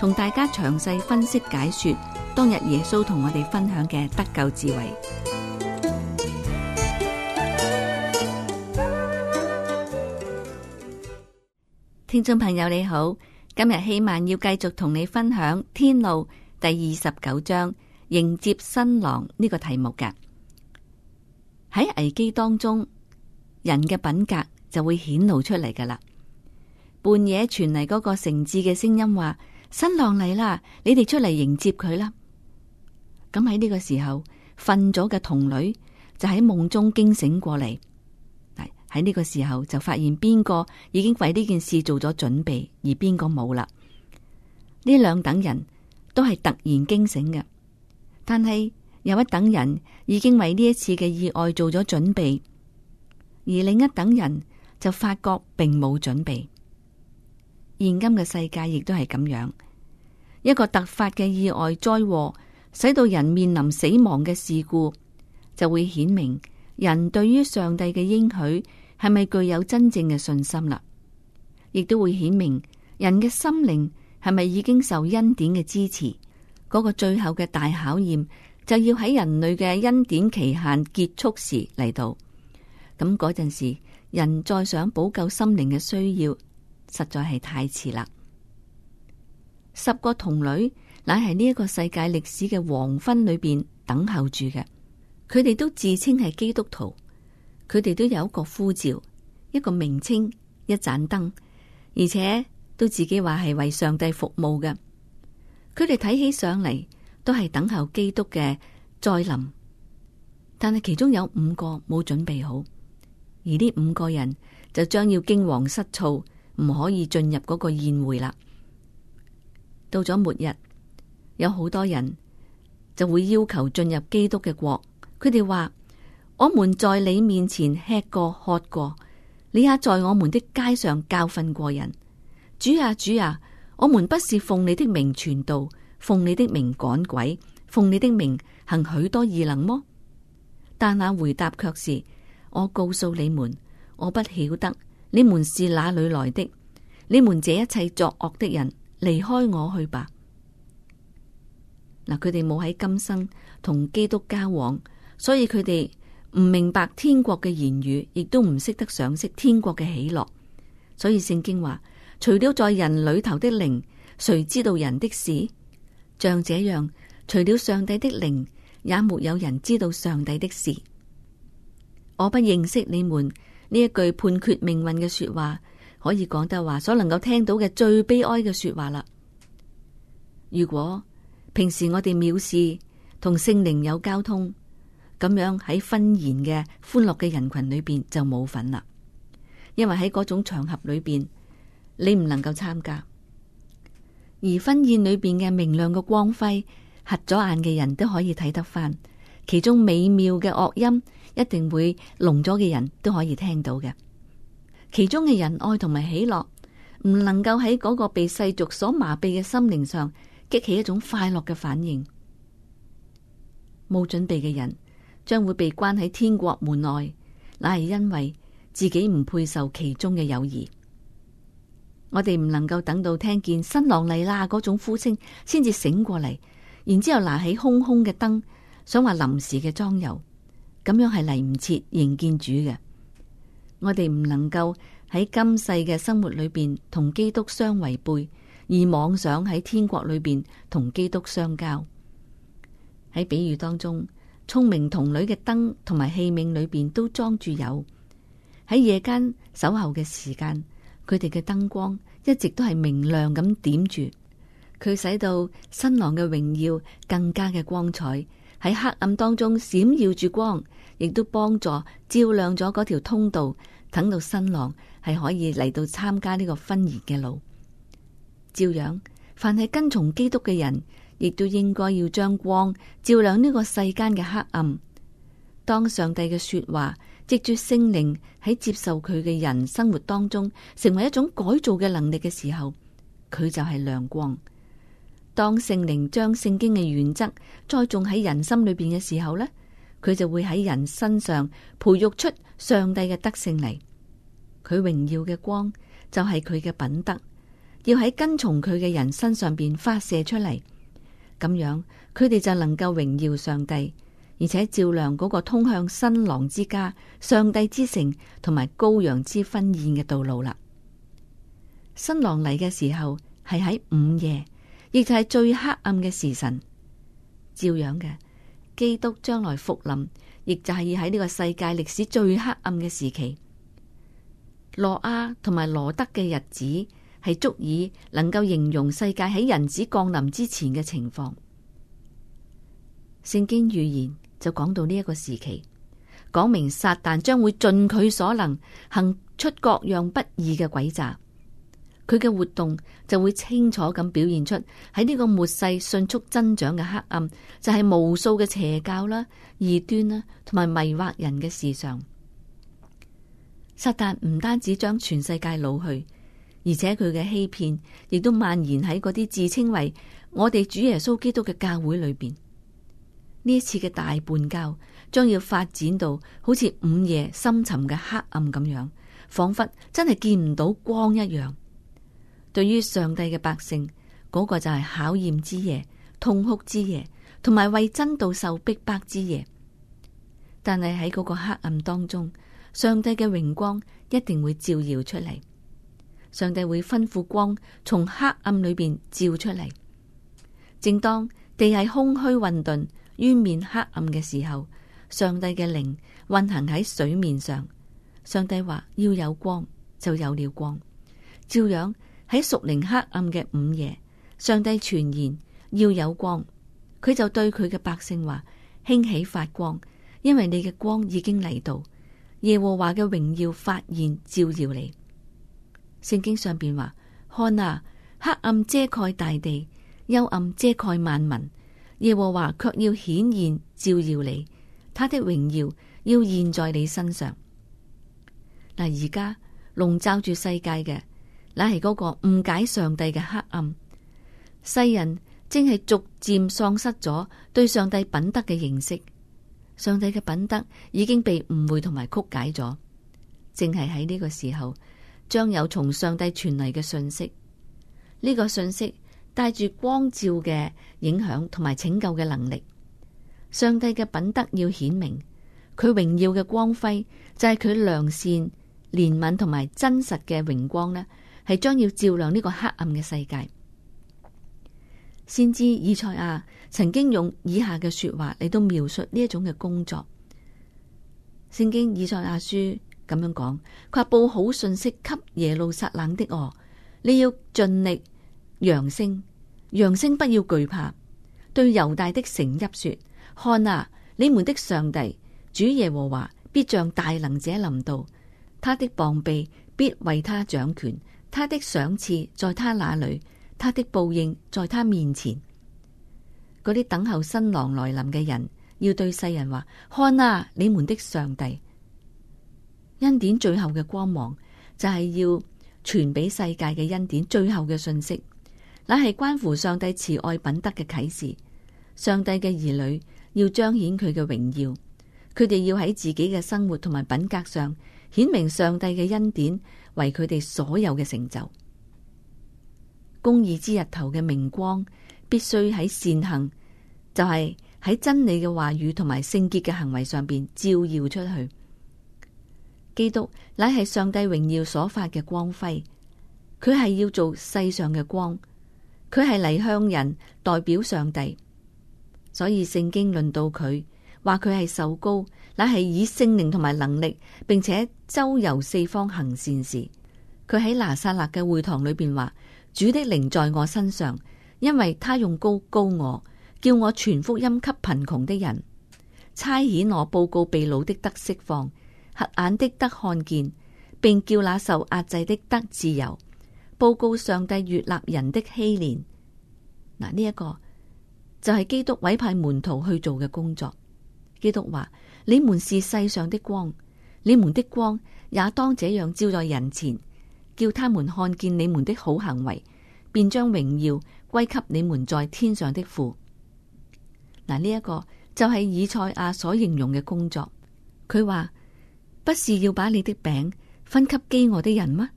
同大家詳細分析解說，當日耶穌同我哋分享嘅得救智慧。聽眾朋友你好，今日希萬要繼續同你分享《天路》第二十九章迎接新郎呢個題目嘅。喺危機當中，人嘅品格就會顯露出嚟噶啦。半夜傳嚟嗰個誠摯嘅聲音話新郎嚟啦，你哋出嚟迎接佢啦。咁喺呢個時候瞓咗嘅童女就喺夢中驚醒過嚟，喺呢個時候就發現邊個已經為呢件事做咗準備，而邊個冇啦。呢兩等人，都係突然驚醒嘅，但係有一等人已經為呢一次嘅意外做咗準備，而另一等人就發覺並冇準備。現今嘅世界亦都係咁樣，一個突發嘅意外災禍，使到人面臨死亡嘅事故，就會顯明人對於上帝嘅應許係咪具有真正嘅信心啦，亦都會顯明人嘅心靈係咪已經受恩典嘅支持。嗰個最後嘅大考驗就要喺人類嘅恩典期限結束時嚟到，咁嗰陣時人再想補救心靈嘅需要，實在係太遲啦。十個童女乃係呢一個世界歷史嘅黃昏裏邊等候住嘅。佢哋都自稱係基督徒，佢哋都有一個呼召，一個名稱，一盞燈，而且都自己話係為上帝服務嘅。佢哋睇起上嚟都係等候基督嘅再臨，但係其中有五個冇準備好，而呢五個人就將要驚惶失措。唔可以進入嗰個宴會啦。到咗末日，有好多人就會要求進入基督嘅國。佢哋話：我們在你面前吃過喝過，你也在我們的街上教訓過人。主啊主啊，我們不是奉你的名傳道，奉你的名趕鬼，奉你的名行許多異能麼？但那回答卻是：我告訴你們，我不曉得。你們是哪裏來的？你們這一切作惡的人，離開我去吧！嗱，佢哋冇喺今生同基督交往，所以佢哋唔明白天國嘅言語，亦都唔識得賞識天國嘅喜樂。所以聖經話：除了在人裏頭的靈，誰知道人的事？像這樣，除了上帝的靈，也沒有人知道上帝的事。我不認識你們。呢一句判決命運嘅說話，可以講得話，所能夠聽到嘅最悲哀嘅說話啦。如果平時我哋藐視同聖靈有交通，咁樣喺婚宴嘅歡樂嘅人群裏邊就冇份啦。因為喺嗰種場合裏邊，你唔能夠參加。而婚宴裏邊嘅明亮嘅光輝，合咗眼嘅人都可以睇得翻，其中美妙嘅樂音。一定會聾咗嘅人都可以聽到嘅，其中嘅仁愛同埋喜樂，唔能夠喺嗰個被世俗所麻痹嘅心靈上激起一種快樂嘅反應。冇準備嘅人將會被關喺天國門外，乃係因為自己唔配受其中嘅友誼。我哋唔能夠等到聽見新郎嚟啦嗰種呼聲，先至醒過嚟，然之後拿起空空嘅燈，想話臨時嘅裝油。咁樣係嚟唔切迎見主嘅，我哋唔能夠喺今世嘅生活裏邊同基督相違背，而妄想喺天國裏邊同基督相交。喺比喻當中，聰明童女嘅燈同埋器皿裏邊都裝住油。喺夜間守候嘅時間，佢哋嘅燈光一直都係明亮咁點住，佢使到新郎嘅榮耀更加嘅光彩。喺黑暗當中閃耀住光，亦都幫助照亮咗嗰條通道，等到新郎係可以嚟到參加呢個婚宴嘅路。照樣，凡係跟從基督嘅人，亦都應該要將光照亮呢個世間嘅黑暗。當上帝嘅說話藉住聖靈喺接受佢嘅人生活當中，成為一種改造嘅能力嘅時候，佢就係亮光。當聖靈將聖經嘅原則栽種喺人心裏邊嘅時候呢，佢就會喺人身上培育出上帝嘅德性嚟。佢榮耀嘅光就係佢嘅品德，要喺跟從佢嘅人身上邊發射出嚟，咁樣佢哋就能夠榮耀上帝，而且照亮嗰個通向新郎之家、上帝之城同埋羔羊之婚宴嘅道路啦。新郎嚟嘅時候係喺午夜。亦就係最黑暗嘅時辰，照樣嘅基督將來復臨，亦就係喺呢個世界歷史最黑暗嘅時期。挪亞同埋羅德嘅日子係足以能夠形容世界喺人子降臨之前嘅情況。聖經預言就講到呢一個時期，講明撒旦將會盡佢所能行出各樣不義嘅詭詐。佢嘅活動就會清楚咁表現出喺呢個末世迅速增長嘅黑暗，就係、是、無數嘅邪教啦、異端啦，同埋迷惑人嘅事上。撒旦唔單止將全世界老去，而且佢嘅欺騙亦都蔓延喺嗰啲自稱為我哋主耶穌基督嘅教會裏邊。呢一次嘅大叛教，將要發展到好似午夜深沉嘅黑暗咁樣，仿佛真係見唔到光一樣。對於上帝嘅百姓，嗰個就係考驗之夜、痛哭之夜，同埋為真道受逼迫之夜。但係喺嗰個黑暗當中，上帝嘅榮光一定會照耀出嚟。上帝會吩咐光從黑暗裏邊照出嚟。正當地係空虛混沌、淵面黑暗嘅時候，上帝嘅靈運行喺水面上。上帝話要有光，就有了光，照樣。喺屬靈黑暗嘅午夜，上帝傳言要有光，佢就對佢嘅百姓話：興起發光，因為你嘅光已經嚟到，耶和華嘅榮耀發現照耀你。聖經上面話：看啊，黑暗遮蓋大地，幽暗遮蓋萬民，耶和華卻要顯現照耀你，他的榮耀要現在你身上。嗱，而家籠罩住世界嘅，乃係嗰個誤解上帝嘅黑暗，世人正係逐漸喪失咗對上帝品德嘅認識。上帝嘅品德已經被誤會同埋曲解咗，正係喺呢個時候，將有從上帝傳嚟嘅信息。呢個信息帶住光照嘅影響同埋拯救嘅能力。上帝嘅品德要顯明佢榮耀嘅光輝，就係佢良善、憐憫同埋真實嘅榮光咧。係將要照亮呢個黑暗嘅世界。先知以賽亞曾經用以下嘅說話嚟到描述呢一種嘅工作。聖經以賽亞書咁樣講，佢話報好信息給耶路撒冷的我，你要盡力揚聲，揚聲不要懼怕。對猶大的城邑說：看啊，你們的上帝主耶和華必像大能者臨到，他的膀臂必為他掌權。他的賞賜在他那裏，他的報應在他面前。嗰啲等候新郎來臨嘅人，要對世人話：看啊，你們的上帝！恩典最後嘅光芒，就係要傳俾世界嘅恩典最後嘅信息，乃係關乎上帝慈愛品德嘅啟示。上帝嘅兒女要彰顯佢嘅榮耀，佢哋要喺自己嘅生活同埋品格上。顯明上帝嘅恩典為佢哋所有嘅成就，公義之日頭嘅明光必須喺善行，就係喺真理嘅話語同埋聖潔嘅行為上邊照耀出去。基督乃係上帝榮耀所發嘅光輝，佢係要做世上嘅光，佢係嚟向人代表上帝，所以聖經論到佢。話佢係受高，乃係以聖靈同埋能力，並且周遊四方行善事。佢喺拿撒勒嘅會堂裏邊話：主的靈在我身上，因為他用高高我，叫我傳福音給貧窮的人，差遣我報告被擄的得釋放、瞎眼的得看見，並叫那受壓制的得自由，報告上帝悅納人的欺憐。嗱、這個，呢一個就係、是、基督委派門徒去做嘅工作。基督話：你們是世上的光，你們的光也當這樣照在人前，叫他們看見你們的好行為，便將榮耀歸給你們在天上的父。嗱，呢、這、一個就係以賽亞所形容嘅工作。佢話：不是要把你的餅分給飢餓的人嗎？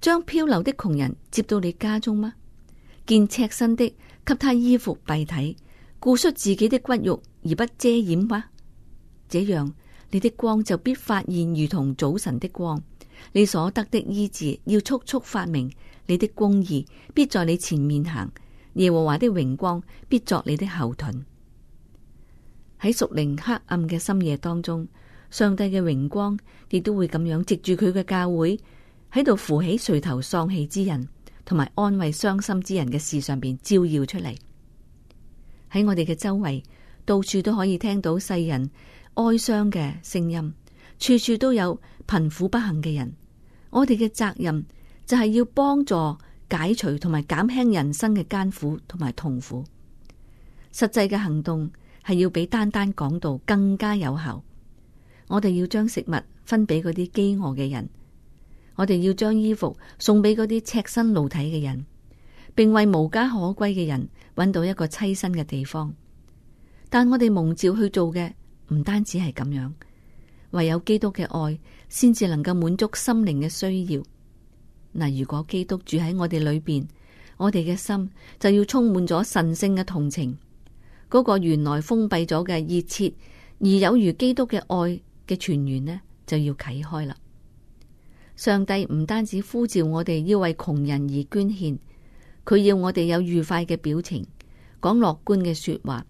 將漂流的窮人接到你家中嗎？見赤身的，給他衣服蔽體；顧恤自己的骨肉。而不遮掩吧，這樣你的光就必發現，如同早晨的光。你所得的醫治要速速發明，你的公義必在你前面行，耶和華的榮光必作你的後盾。喺屬靈黑暗嘅深夜當中，上帝嘅榮光亦都會咁樣藉住佢嘅教會喺度扶起垂頭喪氣之人，同埋安慰傷心之人嘅事上邊照耀出嚟。喺我哋嘅周圍。到處都可以聽到世人哀傷嘅聲音，處處都有貧苦不幸嘅人。我哋嘅責任就係要幫助解除同埋減輕人生嘅艱苦同埋痛苦。實際嘅行動係要比單單講道更加有效。我哋要將食物分俾嗰啲飢餓嘅人，我哋要將衣服送俾嗰啲赤身露體嘅人，並為無家可歸嘅人搵到一個棲身嘅地方。但我哋蒙召去做嘅唔單止係咁樣，唯有基督嘅愛先至能夠滿足心靈嘅需要。嗱，如果基督住喺我哋裏邊，我哋嘅心就要充滿咗神聖嘅同情，嗰個原來封閉咗嘅熱切而有如基督嘅愛嘅泉源呢，就要啟開啦。上帝唔單止呼召我哋要為窮人而捐獻，佢要我哋有愉快嘅表情，講樂觀嘅說話。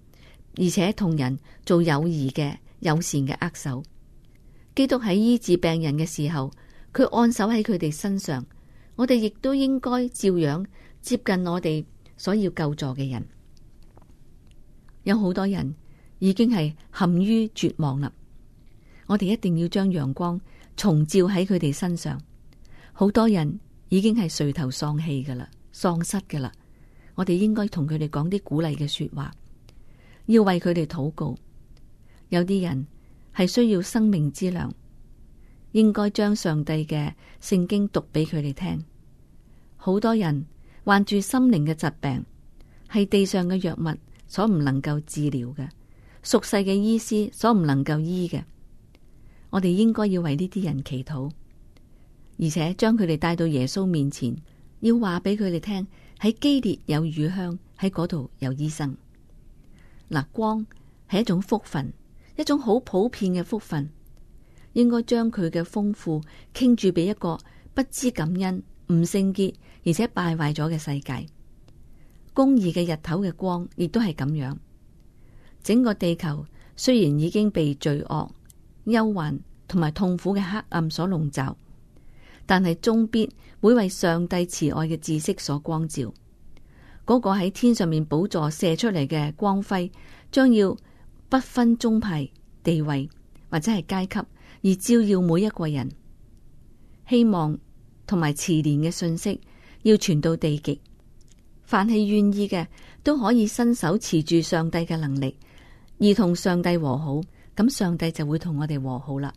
而且同人做友誼嘅友善嘅握手，基督喺醫治病人嘅時候，佢按手喺佢哋身上。我哋亦都應該照樣接近我哋所要救助嘅人。有好多人已經係陷於絕望啦，我哋一定要將陽光重照喺佢哋身上。好多人已經係垂頭喪氣噶啦，喪失噶啦，我哋應該同佢哋講啲鼓勵嘅說話。要為佢哋禱告，有啲人係需要生命之糧，應該將上帝嘅聖經讀俾佢哋聽。好多人患住心靈嘅疾病，係地上嘅藥物所唔能夠治療嘅，俗世嘅醫師所唔能夠醫嘅。我哋應該要為呢啲人祈禱，而且將佢哋帶到耶穌面前，要話俾佢哋聽：喺基列有乳香，喺嗰度有醫生。嗱，光係一種福分，一種好普遍嘅福分，應該將佢嘅豐富傾注俾一個不知感恩、唔聖潔而且敗壞咗嘅世界。公義嘅日頭嘅光，亦都係咁樣。整個地球雖然已經被罪惡、憂患同埋痛苦嘅黑暗所籠罩，但係終必會為上帝慈愛嘅知識所光照。嗰個喺天上面寶座射出嚟嘅光輝，將要不分宗派、地位或者係階級，而照耀每一個人。希望同埋慈憐嘅信息，要傳到地極。凡係願意嘅，都可以伸手持住上帝嘅能力，而同上帝和好。咁上帝就會同我哋和好啦。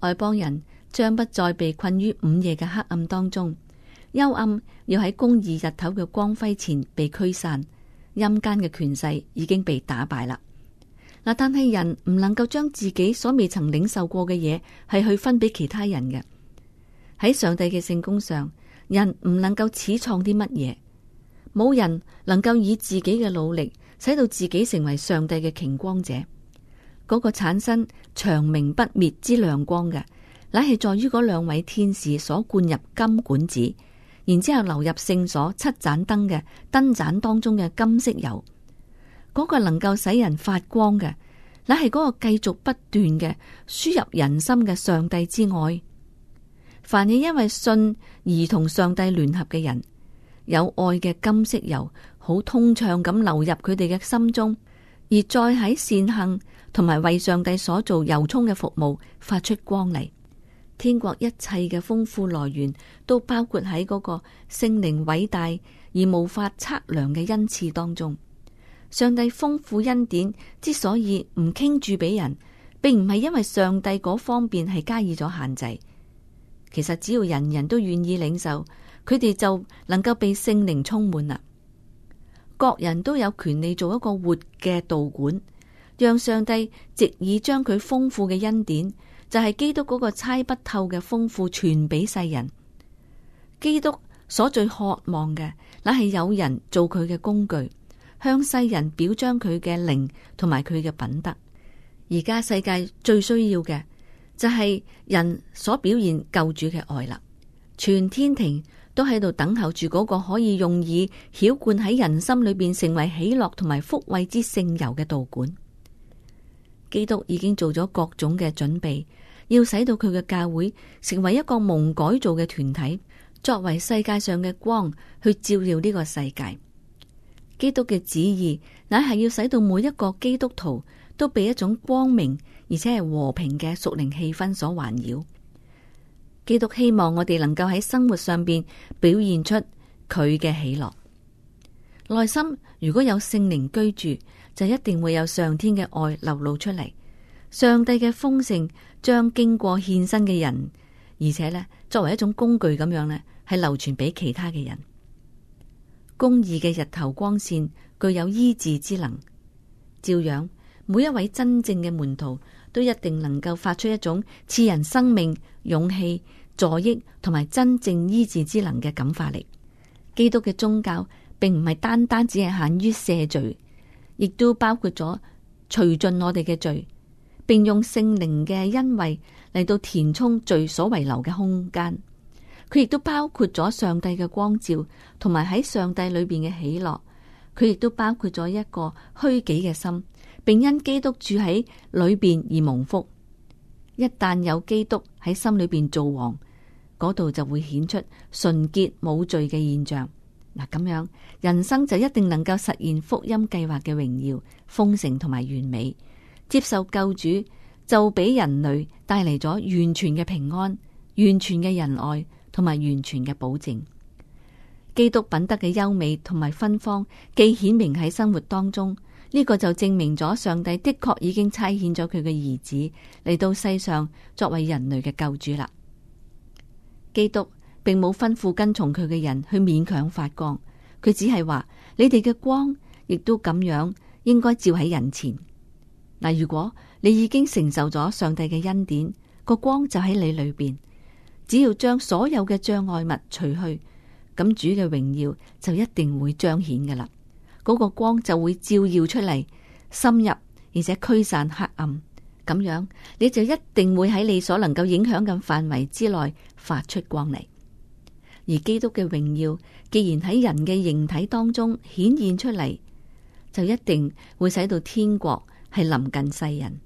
外邦人將不再被困於午夜嘅黑暗當中。幽暗要喺公義日頭嘅光輝前被驅散，陰間嘅權勢已經被打敗啦。嗱，但係人唔能夠將自己所未曾領受過嘅嘢係去分俾其他人嘅。喺上帝嘅聖功上，人唔能夠始創啲乜嘢，冇人能夠以自己嘅努力使到自己成為上帝嘅擎光者。嗰個產生長明不滅之亮光嘅，乃係在於嗰兩位天使所灌入金管子。然之後流入聖所七盞燈嘅燈盞當中嘅金色油，嗰個能夠使人發光嘅，乃係嗰個繼續不斷嘅輸入人心嘅上帝之愛。凡係因為信而同上帝聯合嘅人，有愛嘅金色油，好通暢咁流入佢哋嘅心中，而再喺善行同埋為上帝所做由衷嘅服務發出光嚟。天國一切嘅豐富來源都包括喺嗰個聖靈偉大而無法測量嘅恩賜當中。上帝豐富恩典之所以唔傾注俾人，並唔係因為上帝嗰方面係加以咗限制。其實只要人人都願意領受，佢哋就能夠被聖靈充滿喇。各人都有權利做一個活嘅導管，讓上帝直以將佢豐富嘅恩典，就係基督嗰個猜不透嘅豐富，傳俾世人。基督所最渴望嘅，乃係有人做佢嘅工具，向世人表彰佢嘅靈同埋佢嘅品德。而家世界最需要嘅，就係、是、人所表現救主嘅愛啦。全天庭都喺度等候住嗰個可以用以澆灌喺人心裏邊成為喜樂同埋福惠之聖油嘅導管。基督已經做咗各種嘅準備，要使到佢嘅教會成為一個蒙改造嘅團體，作為世界上嘅光去照耀呢個世界。基督嘅旨意乃係要使到每一個基督徒都被一種光明而且係和平嘅屬靈氣氛所環繞。基督希望我哋能夠喺生活上邊表現出佢嘅喜樂，內心如果有聖靈居住。就一定會有上天嘅愛流露出嚟，上帝嘅豐盛將經過獻身嘅人，而且呢，作為一種工具咁樣呢，係流傳俾其他嘅人。公義嘅日頭光線具有醫治之能，照樣每一位真正嘅門徒都一定能夠發出一種賜人生命、勇氣、助益同埋真正醫治之能嘅感化力。基督嘅宗教並唔係單單只係限於赦罪。亦都包括咗除盡我哋嘅罪，並用聖靈嘅恩惠嚟到填充罪所遺留嘅空間。佢亦都包括咗上帝嘅光照，同埋喺上帝裏邊嘅喜樂。佢亦都包括咗一個虛己嘅心，並因基督住喺裏邊而蒙福。一旦有基督喺心裏邊做王，嗰度就會顯出純潔冇罪嘅現象。嗱，咁樣人生就一定能夠實現福音計劃嘅榮耀、豐盛同埋完美。接受救主就俾人類帶嚟咗完全嘅平安、完全嘅仁愛同埋完全嘅保證。基督品德嘅優美同埋芬芳，既顯明喺生活當中，呢個就證明咗上帝的確已經差遣咗佢嘅兒子嚟到世上作為人類嘅救主啦。基督並冇吩咐跟從佢嘅人去勉強發光，佢只係話：你哋嘅光亦都咁樣，應該照喺人前嗱。但如果你已經承受咗上帝嘅恩典，個光就喺你裏邊，只要將所有嘅障礙物除去，咁主嘅榮耀就一定會彰顯噶啦。嗰、那個光就會照耀出嚟，深入而且驅散黑暗。咁樣你就一定會喺你所能夠影響嘅範圍之內發出光嚟。而基督嘅榮耀既然喺人嘅形體當中顯現出嚟，就一定會使到天國係臨近世人，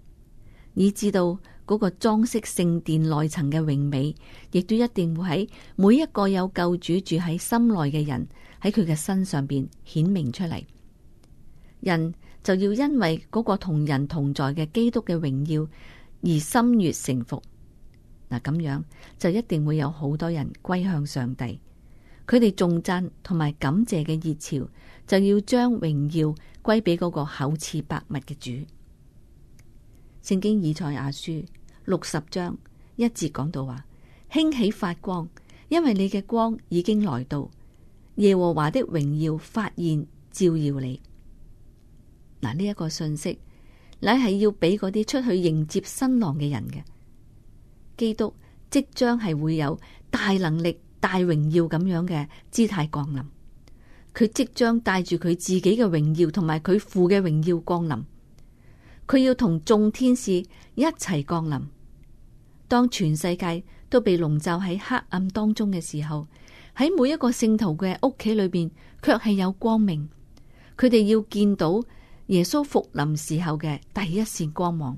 以至到嗰個裝飾聖殿殿內層嘅榮美，亦都一定會喺每一個有救主住喺心內嘅人喺佢嘅身上邊顯明出嚟。人就要因為嗰個同人同在嘅基督嘅榮耀而心悅誠服。嗱，咁樣就一定會有好多人歸向上帝，佢哋頌讚同埋感謝嘅熱潮，就要將榮耀歸俾嗰個厚賜百物嘅主。聖經以賽亞書六十章一節講到話：興起發光，因為你嘅光已經來到，耶和華的榮耀發現照耀你。嗱，呢、這、一個信息，乃係要俾嗰啲出去迎接新郎嘅人嘅。基督即將係會有大能力、大榮耀咁樣嘅姿態降臨。佢即將帶住佢自己嘅榮耀同埋佢父嘅榮耀降臨。佢要同眾天使一齊降臨。當全世界都被籠罩喺黑暗當中嘅時候，喺每一個聖徒嘅屋企裏邊，卻係有光明。佢哋要見到耶穌復臨時候嘅第一線光芒，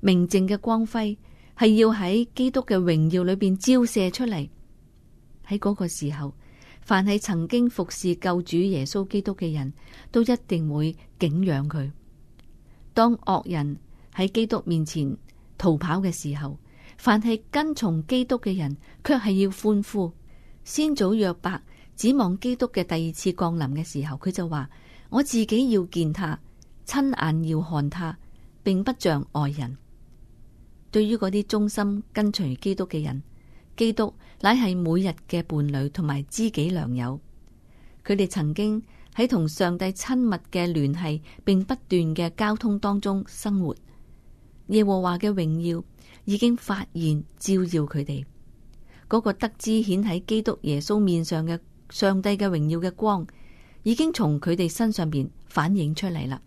明淨嘅光輝。係要喺基督嘅榮耀裏邊照射出嚟，喺嗰個時候，凡係曾經服侍救主耶穌基督嘅人都一定會敬仰佢。當惡人喺基督面前逃跑嘅時候，凡係跟從基督嘅人卻係要歡呼。先祖約伯指望基督嘅第二次降臨嘅時候，佢就話：我自己要見他，親眼要看他，並不像外人。對於嗰啲忠心跟隨基督嘅人，基督乃係每日嘅伴侶同埋知己良友。佢哋曾經喺同上帝親密嘅聯繫並不斷嘅交通當中生活，耶和華嘅榮耀已經發現照耀佢哋。嗰個得知顯喺基督耶穌面上嘅上帝嘅榮耀嘅光，已經從佢哋身上邊反映出嚟啦。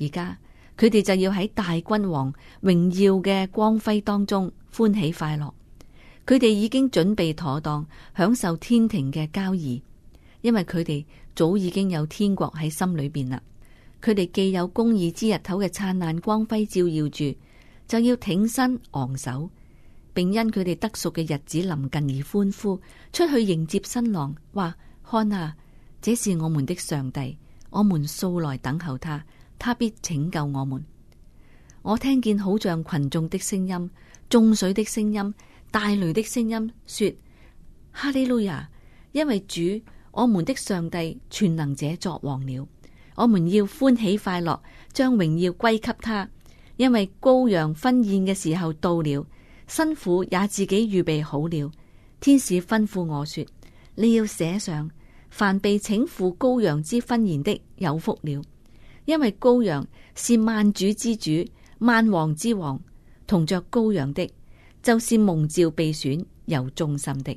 而家。佢哋就要喺大君王榮耀嘅光輝當中歡喜快樂，佢哋已經準備妥當，享受天庭嘅交誼，因為佢哋早已經有天國喺心裏邊啦。佢哋既有公義之日頭嘅燦爛光輝照耀住，就要挺身昂首，並因佢哋得贖嘅日子臨近而歡呼，出去迎接新郎，話看啊，這是我們的上帝，我們素來等候他。他必拯救我們。我聽見好像群眾的聲音、眾水的聲音、大雷的聲音，說：哈利路亞！因為主我們的上帝全能者作王了。我們要歡喜快樂，將榮耀歸給他。因為羔羊婚宴嘅時候到了，辛苦也自己預備好了。天使吩咐我說：你要寫上，凡被請赴羔羊之婚宴的，有福了。因為羔羊是萬主之主、萬王之王，同着羔羊的，就是蒙召被選有忠心的。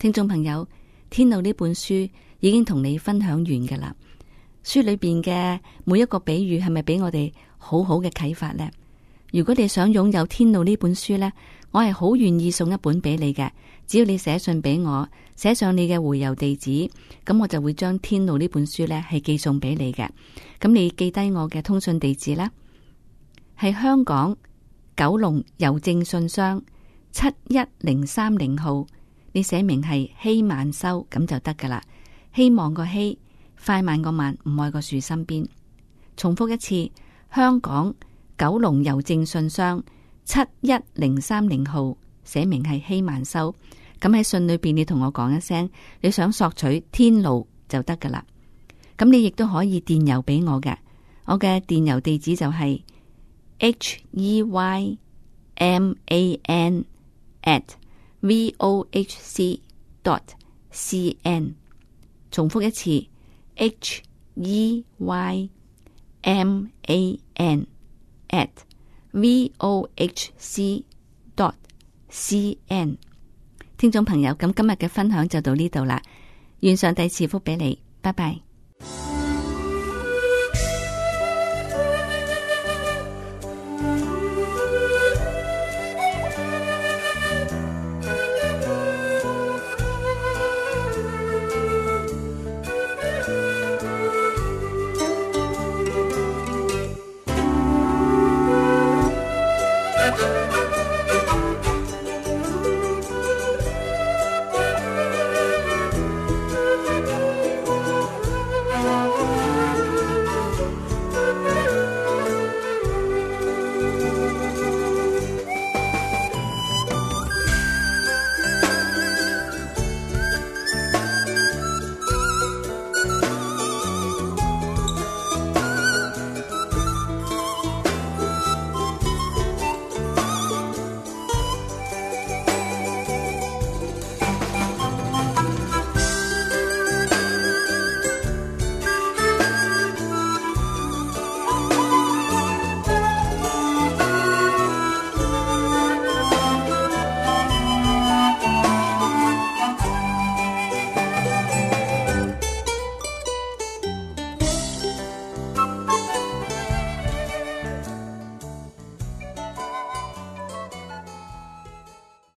聽眾朋友，天路呢本書已經同你分享完嘅啦。書裏邊嘅每一個比喻係咪俾我哋好好嘅啟發呢？如果你想擁有天路呢本書呢，我係好願意送一本俾你嘅。只要你寫信俾我，寫上你嘅回郵地址，咁我就會將天路呢本書呢係寄送俾你嘅。咁你記低我嘅通訊地址啦，係香港九龍郵政信箱七一零三零號。你寫明係希慢修咁就得噶啦，希望個希，快慢個慢，唔愛個樹身邊。重複一次。香港九龍郵政信箱七一零三零號寫明係希慢修咁。喺信裏邊你同我講一聲你想索取天路就得噶啦。咁你亦都可以電郵俾我嘅，我嘅電郵地址就係 h e y m a n at。vohc.dot.cn，重複一次，Heyman at vohc.dot.cn，聽眾朋友，咁今日嘅分享就到呢度啦，願上帝賜福俾你，拜拜。